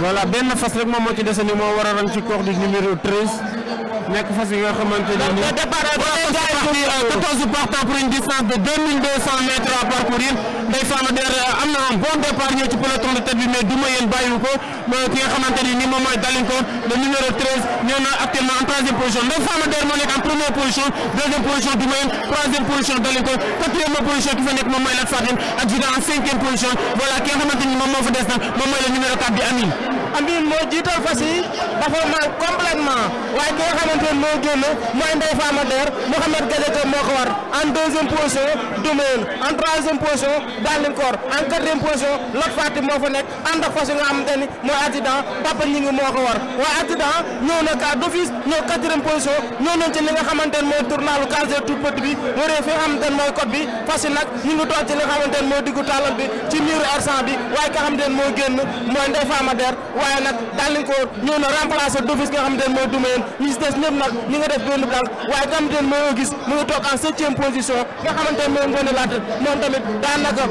voilà benn fas rek moom moo ci dese ni moo war a rang ci koox di numéro 13 nekk fas yi nga xamante ne nii. parcourir 14 partants pour une distance de 2200 mètres à parcourir les euh, euh, am na un bon départ pour le tour de tête mais duma yéen Mais ko ki nga ni nii moom Dalinko le numéro 13 ñëw na actuellement en troisième position Les moo Monique en première position deuxième position duma troisième position Dalinko quatrième position qui fa avec moom la Lat Fatim en cinquième position voilà qui est xamante ni moom moo fa le numéro 4 de Amine Ambiwul moo jiital fas yi dafa ma complètement waaye ki nga xamante ne moo génn mooy Ndeye Fama nag ñu ngi toog Der waaye nag daal nañ ko ñëw na remplacer Dovis nga xam ne mooy Doumbouyène ñi si des ñëpp nag ñi nga def benn dal waaye nga xam ne nga xamante ne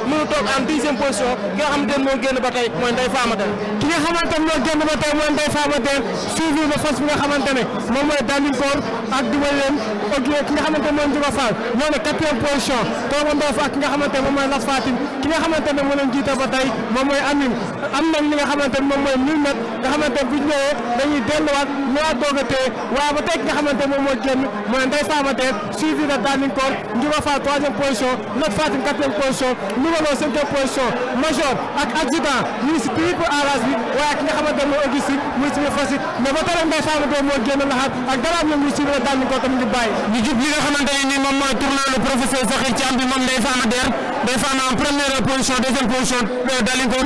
mooy toog en dixième position nga xamante moo génn ba tey mooy Ndeye Famaten ki nga xamante moo génn ba tey mooy Ndeye Famaten suivi na fas bi nga xamante ne mooy Dalingkoor ak Doumbouyène ak ki nga xamante ne mooy Ndiouga Fall ñoo ne quatrième position toog Ndof ak ki nga xamante am nañ li nga xamante ne moom mooy mille mètres nga xamante ne bu ñu ñëwee dañuy delluwaat ñëwaat doog a téye waaye ba tey nga xamante ne moom mooy génn mooy Ndeye Samba Deme suivi de Dalinkoor Ndiouga Fall troisième position Lat Fatim quatrième position Nouvalo cinquième position major ak adjudant ñu ngi si biir pour arrage bi waaye ak ki nga xamante ne mooy Auguste mu ngi si biir Fassi mais ba tey Ndeye Samba Deme moo génn laxaat ak dara am na muy suivi de Dalinkoor tamit di bàyyi. ñu jub li nga xamante ne ni moom mooy tournoi le professeur Sakhir Thiam bi moom Ndeye Samba Deme Ndeye Samba en première position deuxième position euh, Dalinkoor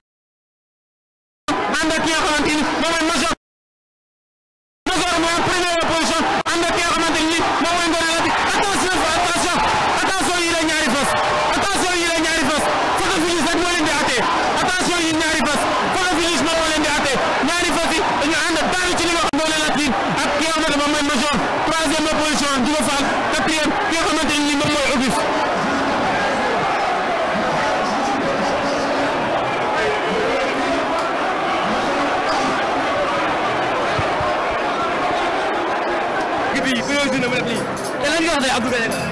en première position ànd ak ki nga xamante ni moom mooy boleh beli te lan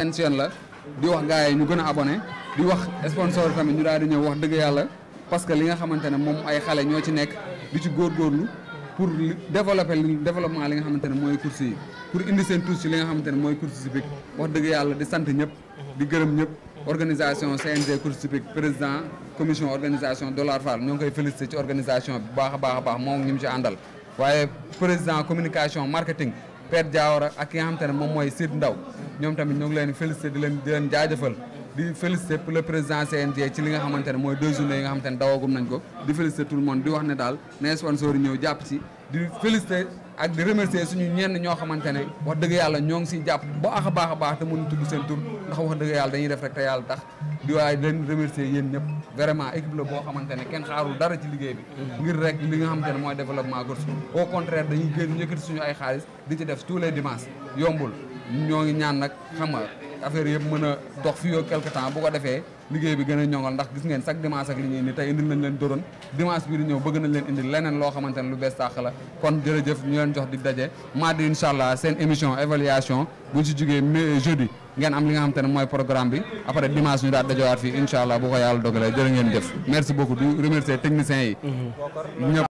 nga di di di wax gars yi ñu gën a abonné di wax sponsor tamit ñu daal di ñëw wax dëgg yàlla parce que li nga xamante ne moom ay xale ñoo ci nekk di ci góorgóorlu pour développer développement li nga xamante ne mooy course yi pour indi seen touche ci li nga xamante ne mooy course hippique wax dëgg yàlla di sant ñëpp di gërëm ñëpp organisation CNG course hippique président commission organisation Dollar Fall ñoo ngi koy félicité ci organisation bi baax a baax a baax moom ñu mu ci àndal waaye président communication marketing Père Diawara ak ki nga xamante moom mooy Sid Ndaw ñom tamit ñu ngi leen féliciter di leen di leen jaajeufal di féliciter pour le président CNG ci li nga xamantene moy deux journées yi nga xamantene dawagum nañ ko di féliciter tout le monde di wax ne dal né sponsor yi japp ci di féliciter ak di remercier suñu ñenn ño xamantene wax deug yalla ñong ci japp bu baax baaxa baax te mënu tuddu seen tour ndax wax deug yalla dañuy def rek ta yalla tax di way di leen remercier yeen ñep vraiment équipe la bo xamantene ne xaarul dara ci liggéey bi ngir rek li nga xamantene moy développement gorsu au contraire dañuy gën yëkkati suñu ay xaaliss di ci def tous les dimanches yombul ñoo ngi ñaan nag xam nga affaire yëpp mën a dox fii ak quelque temps bu ko defee liggéey bi gën a ñoŋal ndax gis ngeen chaque dimanche li ñuy indi tey indil nañ leen doron dimanche bii di ñëw bëgg nañ leen indi leneen loo xamante ne lu bees tàq la kon jërëjëf ñu leen jox di daje mardi incha allah seen émission évaluation buñ si jugee jeudi ngeen am li nga xamante ne mooy programme bi après dimanche ñu daal dajawaat fii incha bu ko yàlla dogalee jërë ngeen